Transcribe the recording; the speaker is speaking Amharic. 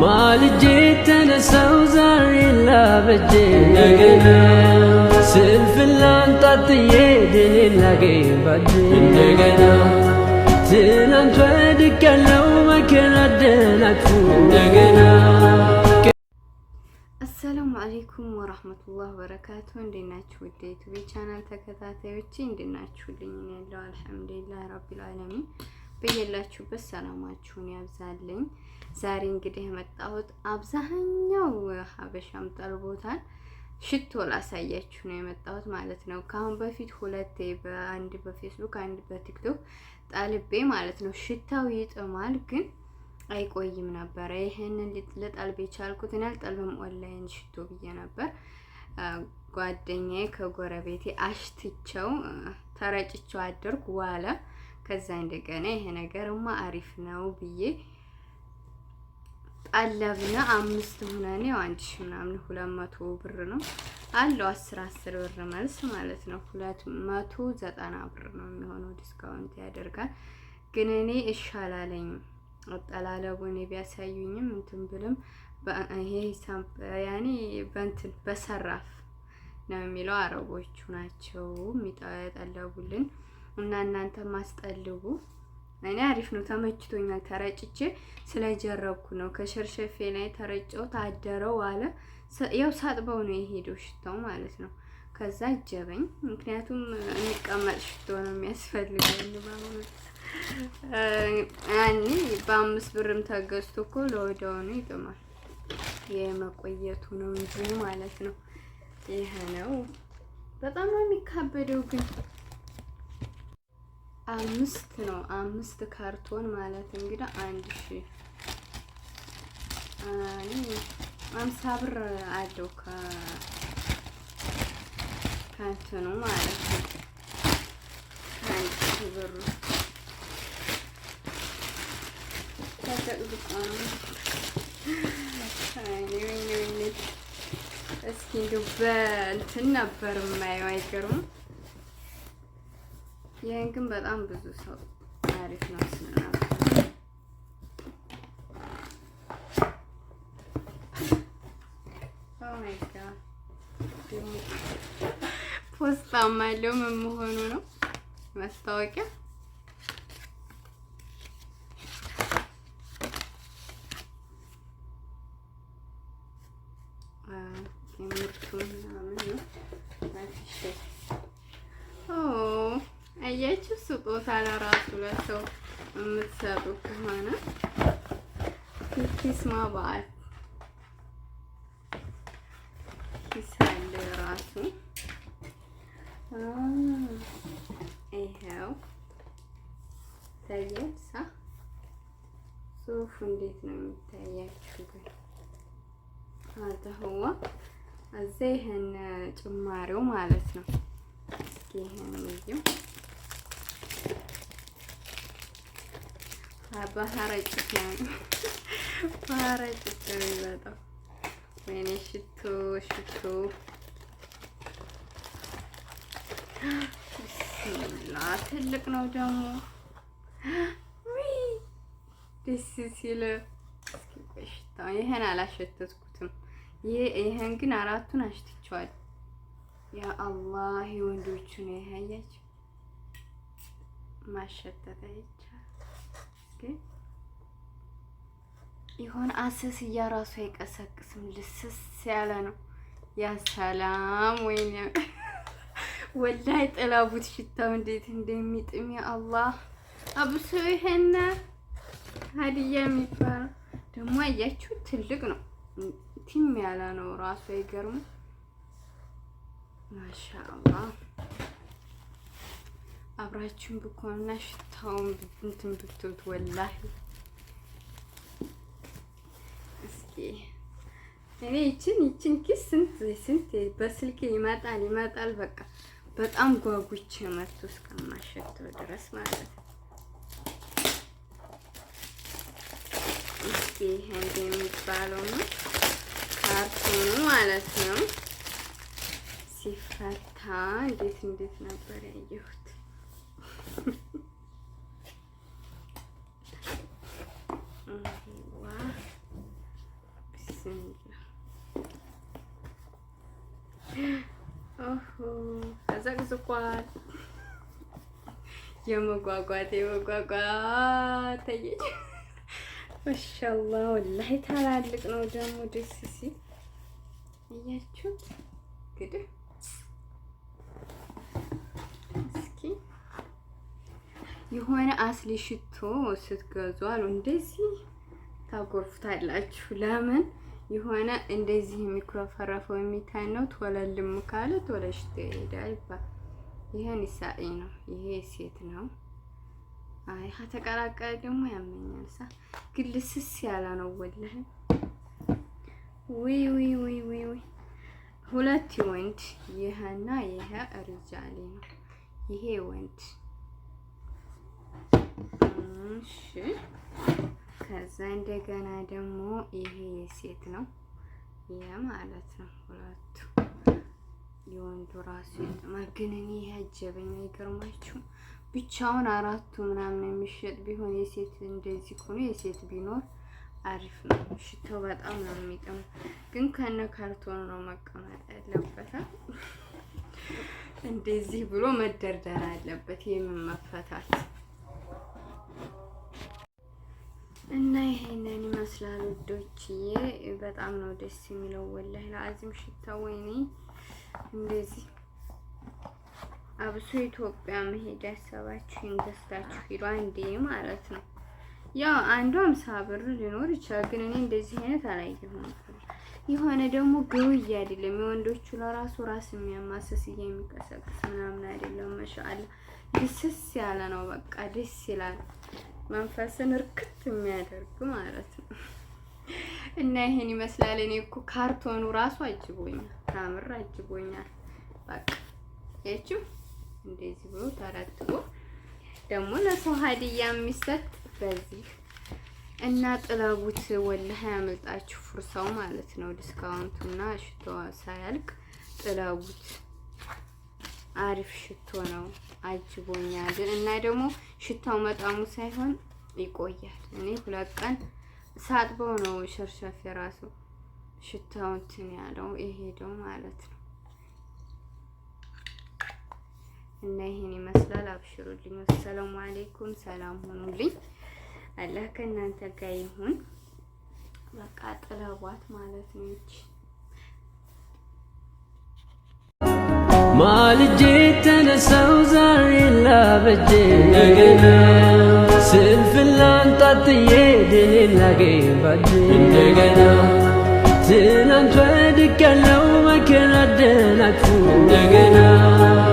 ማልጄ ተነሳው ዛሬ ላበጄ እንደገና ስንፍላን ጣጥዬ ድልን ላገኝ እንደገና ትናንት ወድቅ ያለው መከራ አደናቅፉ እንደገና አሰላሙ አሌይኩም ወራህመቱላህ ወበረካቱ። እንዴት ናችሁ? ውድ ዩቲዩብ ቻናል ተከታታዮች እንዴት ናችሁልኝ? ያለው አልሐምዱሊላህ ረቢል ዓለሚን በየላችሁበት ሰላማችሁን ያብዛልኝ። ዛሬ እንግዲህ የመጣሁት አብዛኛው ሀበሻም ጠልቦታል ሽቶ ላሳያችሁ ነው የመጣሁት ማለት ነው። ከአሁን በፊት ሁለቴ በአንድ በፌስቡክ አንድ በቲክቶክ ጠልቤ ማለት ነው። ሽታው ይጥማል ግን አይቆይም ነበረ። ይህንን ልጠልብ የቻልኩት እኔ አልጠልብም ኦንላይን ሽቶ ብዬ ነበር። ጓደኛዬ ከጎረቤቴ አሽትቸው ተረጭቸው አደርኩ ዋለ። ከዛ እንደገና ይሄ ነገርማ አሪፍ ነው ብዬ ጠለብነ አምስት ሆነን ያው አንድ ሺህ ምናምን ሁለት መቶ ብር ነው አለው አስር አስር ብር መልስ ማለት ነው። ሁለት መቶ ዘጠና ብር ነው የሚሆነው ዲስካውንት ያደርጋል። ግን እኔ እሻላለኝም አጠላለቡ እኔ ቢያሳዩኝም እንትን ብልም ያኔ በእንትን በሰራፍ ነው የሚለው አረቦቹ ናቸው የሚጠለቡልን እና እናንተ ማስጠልቡ እኔ አሪፍ ነው ተመችቶኛል። ተረጭቼ ስለጀረብኩ ነው። ከሸርሸፌ ላይ ተረጨው ታደረው አለ ያው ሳጥበው ነው የሄደው ሽታው ማለት ነው። ከዛ እጀበኝ ምክንያቱም የሚቀመጥ ሽቶ ነው የሚያስፈልገኝ በአሁኑ በአምስት ብርም ተገዝቶ እኮ ለወዲያውኑ ይጥማል። የመቆየቱ ነው እንጂ ማለት ነው። ይህ ነው በጣም ነው የሚካበደው ግን አምስት ነው። አምስት ካርቶን ማለት እንግዲህ አንድ ሺ አምሳ ብር አለው ከእንትኑ ማለት ነው። አንድ ሺ ብሩ ተጠቅዝቆ ነው። እስኪ እንዲሁ በእንትን ነበር የማየው አይገርምም? ይህን ግን በጣም ብዙ ሰው አሪፍ ነው ስናል oh ፖስታ ማለው ምን መሆኑ ነው? ማስታወቂያ ah, ምርቱ ምናምን ነው። አያችሁ፣ ስጦታ ለራሱ ለሰው የምትሰጡ ከሆነ ኪስማ በዓል ኪስ አለ ራሱ። ይኸው ታየት ሳ ጽሑፉ እንዴት ነው የሚታያችሁ? ግን አዛህዋ እዚህ ይህን ጭማሪው ማለት ነው። እስኪ ይህን ባህረጭት ባህረጭት የሚመጣው ወይኔ ሽቶ ሽቶ ብስሚላ ትልቅ ነው ደግሞ ደስ ሲል ይህን አላሸተትኩትም። ይህን ግን አራቱን አሽትቸዋል። ያ አላህ የወንዶቹን ይሆን አሰስያ ራሱ አይቀሰቅስም። ልስስ ያለ ነው። ያ ሰላም ወይ ወላይ ጥላቡት ሽታው እንዴት እንደሚጥም አላህ አብሶ ይሄና ሀዲያ የሚባለው ደግሞ አያችሁ፣ ትልቅ ነው። ቲም ያለ ነው ራሱ አይገርሙ። ማሻአላህ አብራችሁን ብኮንና አሁን እንትን ብትሉት ወላሂ እስኪ እኔ ይችን ይችን ኪስ ስንት ስንት በስልኬ ይመጣል ይመጣል በቃ በጣም ጓጉች መቶ እስከማሸተው ድረስ ማለት ነው። እስኪ እንደ የሚባለው ነው ካርቶኑ ማለት ነው። ሲፈታ እንዴት እንዴት ነበር ያየሁት። ተዘቅዝቋል። የመጓጓት የመጓጓት ተየች ማሻላ ወላሂ ታላልቅ ነው ደግሞ ደስ ሲል እያችሁት እንግዲህ የሆነ አስሊ ሽቶ ስትገዙ አሉ እንደዚህ ታጎርፉታላችሁ። ለምን የሆነ እንደዚህ የሚኮፈረፈው ነው ቶለልም ካለ ቶለ ሽቶ ይሄዳል ይባል። ይሄ ኒሳኢ ነው። ይሄ ሴት ነው። አይ ከተቀላቀለ ደግሞ ያመኛል። ሳ ግን ልስስ ያለ ነው ወላሂ። ውይ ውይ ውይ ውይ ውይ ሁለት ወንድ ይሄና ይሄ ሪጃሌ ነው። ይሄ ወንድ እሺ። ከዛ እንደገና ደግሞ ይሄ የሴት ነው የማለት ነው። ሁለቱ የወንዱ ራሱ ይጥማል። ግን እኔ ያጀበኝ አይገርማችሁ ብቻውን አራቱ ምናምን የሚሸጥ ቢሆን የሴት እንደዚህ ከሆነ የሴት ቢኖር አሪፍ ነው። ሽታው በጣም ነው የሚጥመው፣ ግን ከነ ካርቶኑ ነው መቀመጥ ያለበት። እንደዚህ ብሎ መደርደር አለበት። የምን መፈታት ይመስላል ውዶችዬ። በጣም ነው ደስ የሚለው ወላሂ ለአዚም ሽታ ወይኔ እንደዚህ አብሶ ኢትዮጵያ መሄድ ያሰባችሁ ይንገስታችሁ ሂዱ፣ አንዴ ማለት ነው። ያው አንዱ አምሳ ብር ሊኖር ይችላል፣ ግን እኔ እንደዚህ አይነት አላየሁም። የሆነ ደግሞ ግውዬ አይደለም የወንዶቹ ለራሱ ራስ የሚያማስስ የሚቀሰቅስ ምናምን አይደለም። መሻአላ ልስስ ያለ ነው፣ በቃ ደስ ይላል። መንፈስን እርክት የሚያደርግ ማለት ነው። እና ይሄን ይመስላል። እኔ እኮ ካርቶኑ ራሱ አጅቦኛል፣ ታምር አጅቦኛል። በቃ ያችው እንደዚህ ብሎ ተረትቦ ደግሞ ለሰው ሀዲያ የሚሰጥ በዚህ እና ጥለቡት ወላሂ ያመልጣችሁ፣ ፉርሳው ማለት ነው። ዲስካውንቱና ሽቶ ሳያልቅ ጥለቡት። አሪፍ ሽቶ ነው። አጅቦኛል። እና ደግሞ ሽታው መጣሙ ሳይሆን ይቆያል። እኔ ሁለት ቀን ሳጥበው ነው ሸርሸፍ የራሱ ሽታው እንትን ያለው የሄደው ማለት ነው። እና ይሄን ይመስላል። አብሽሩልኝ። አሰላሙ አለይኩም። ሰላም ሆኑልኝ። አላህ ከእናንተ ጋር ይሁን። በቃ ጥለቧት ማለት ነው። ማልጄ ተነሳው ዛሬ ላበጀ እንደገና ስንፍላን ጣጥዬ ድልን ላገኝ እንደገና ትናንት ወድቅ ያለው መከራ አደናቅፉ እንደገና